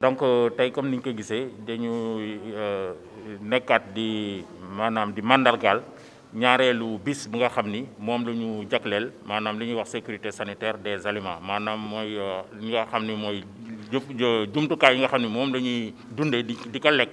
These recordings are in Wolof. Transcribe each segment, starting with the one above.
donc euh, tey comme ni ko gisee dañu euh, nekkaat di maanaam di mandargaal ñaareelu bis bu nga xam ni moom la ñu jagleel maanaam li ñuy wax sécurité sanitaire des aliments maanaam mooy euh, li nga xam ni mooy jumtukaay yi nga xam ni moom lañuy ñuy dundee di ko lekk.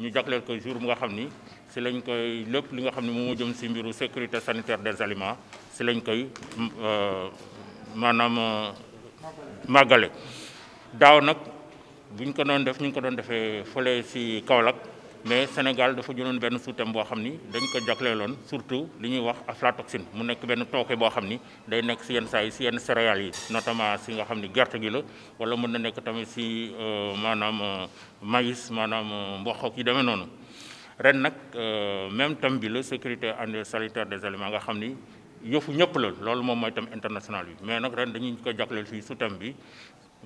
ñu jagleel ko jour bu nga xam ni si lañ koy lépp li nga xam ni moom moo jëm si mbiru sécurité sanitaire des aliments si lañ koy euh, maanaam euh, màggale daaw nag buñ ko doon def ñu ko doon defee fële si Kaolack mais Sénégal dafa jëloon benn soutem boo xam ni dañ ko jagleeloon surtout li ñuy wax aflatoxine mu nekk benn tooke boo xam ni day nekk si yenn saa yi si yenn céréales yi notamment si nga xam ni gerte gi la wala mën na nekk tamit si euh, maanaam euh, maïs maanaam euh, mboq ak yi demee noonu ren nag même tam bi la sécurité ande sanitaire des aliments nga xam ni yëfu ñëpp la loolu moom mooy tam international bi mais nag ren dañuy ko jagleel si soutem bi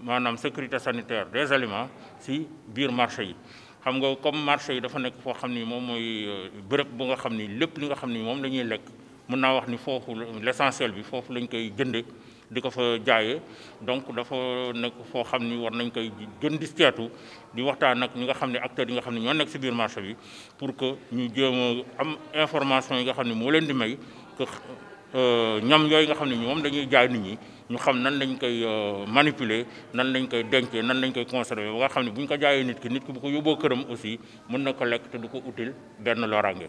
maanaam sécurité sanitaire des aliments si biir marché yi xam nga comme marché yi dafa nekk foo xam ni moom mooy euh, bërëb bu nga xam ni lépp li nga xam ni moom lañuy lekk mën naa wax ni foofu l'essentiel bi foofu lañ koy jënde di ko fa jaayee donc dafa nekk foo xam ni war nañ koy gën di seetu di waxtaan ak ñi nga xam ne acteurs yi nga xam ne ñoo nekk si biir marché bi pour que ñu jéem am information yi nga xam ne moo leen di may que euh, ñam yooyu nga xam ne moom dañuy jaay nit ñi ñu xam nan lañ koy euh, manipule nan lañ koy dencee nan lañ koy conserver ba nga xam ne bu ñu ko jaayee nit ki nit ki bu ko yóbboo këram aussi mën na ko lekk te du ko utile benn loraange.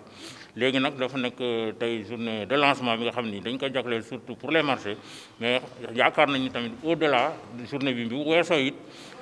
léegi nag dafa nekk euh, tey journée de lancement bi nga xam ni dañ ko jagleel surtout pour les marchés mais yaakaar nañu tamit au delà journée bi bu weesoo it.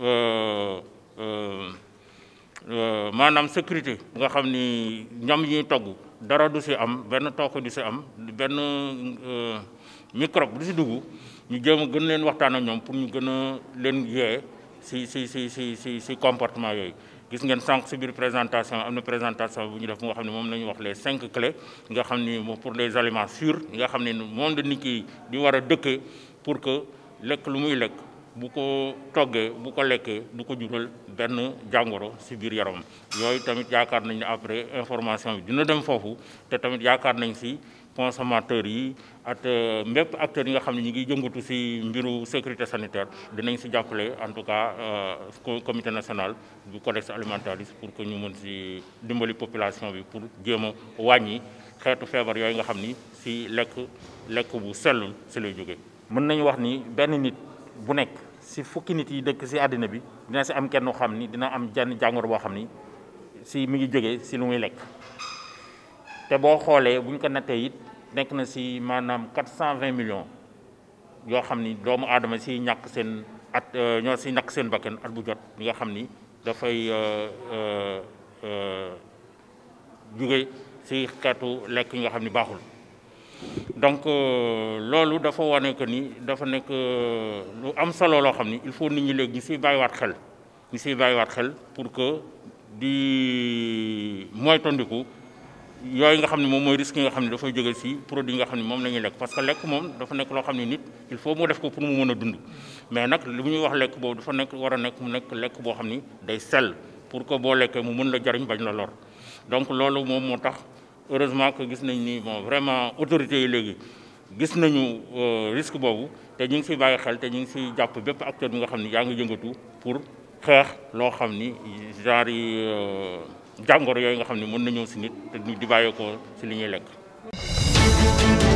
Euh, euh, euh, maanaam sécurité nga xam ni ñam yi togg dara du si am benn took du si am benn microbe du si dugg ñu jéem a gën leen waxtaan ak ñoom pour ñu gën a leen yee si si si si si si comportement yooyu gis ngeen sànq si biir présentation am na présentation bu ñu def nga xam ne moom la ñu wax les cinq clés nga xam ni moom pour les aliments sûrs nga xam ne moom la nit ki di war a dëkkee pour que lekk lu muy lekk bu ko toggee bu ko lekkee du ko jural benn jàngoro si biir yaram yooyu tamit yaakaar nañ ne après information bi dina dem foofu te tamit yaakaar nañ si consommateurs yi ak euh, mbépp acteurs yi nga xam ne ñu ngi jëngatu si mbiru sécurité sanitaire dinañ si jàppale en tout cas euh, comité national du codex alimentaris pour que ñu mën si dimbali population bi pour jéem a wàññi xeetu feebar yooyu nga xam ni si lekk lekk bu sellul si lay jóge mën nañ wax ni benn nit bu nekk si fukki nit yi dëkk si àddina bi dina si am kenn xam ni dina am jenn jàngoro boo xam ni si mi ngi jóge si lu muy lekk te boo xoolee bu ñu ko nattee it nekk na si maanaam quatre cent vingt million yoo xam ni doomu aadama si ñàkk seen at euh, ñoo si ñàkk seen bakken at bu jot li xam ni dafay euh, euh, jóge si xeetu lekk yi nga xam ni baaxul donc euh, lolu dafa wane que ni dafa nek euh, lu am solo lo xamni il faut nit ñi léegi ci siy wat xel ci siy wat xel pour que di moy moytandiku yoy nga xamni mom moy risque nga xamni dafa dafay ci si produit nga xamni mom lañuy la parce que lek mom dafa nek lo xamni nit il faut mo def ko pour mu mën dund mais nak lu ñuy wax lek boobu dafa nek war a mu nek lek bo xamni day sel pour que bo lekkee mu mën la jariñ bañ la lor donc lolu mom motax heureusement ko gis nañ ni bon vraiment autorités yi léegi gis nañu euh, risque boobu te ñu ngi fiy bàyyi xel te ñu ngi fiy jàpp bépp acteur bi nga xam ni yaa ngi yëngatu pour xeex loo xam ni genre yi euh, jàngoro yooyu nga xam ni mën nañoo si nit te di koo si li ñuy lekk.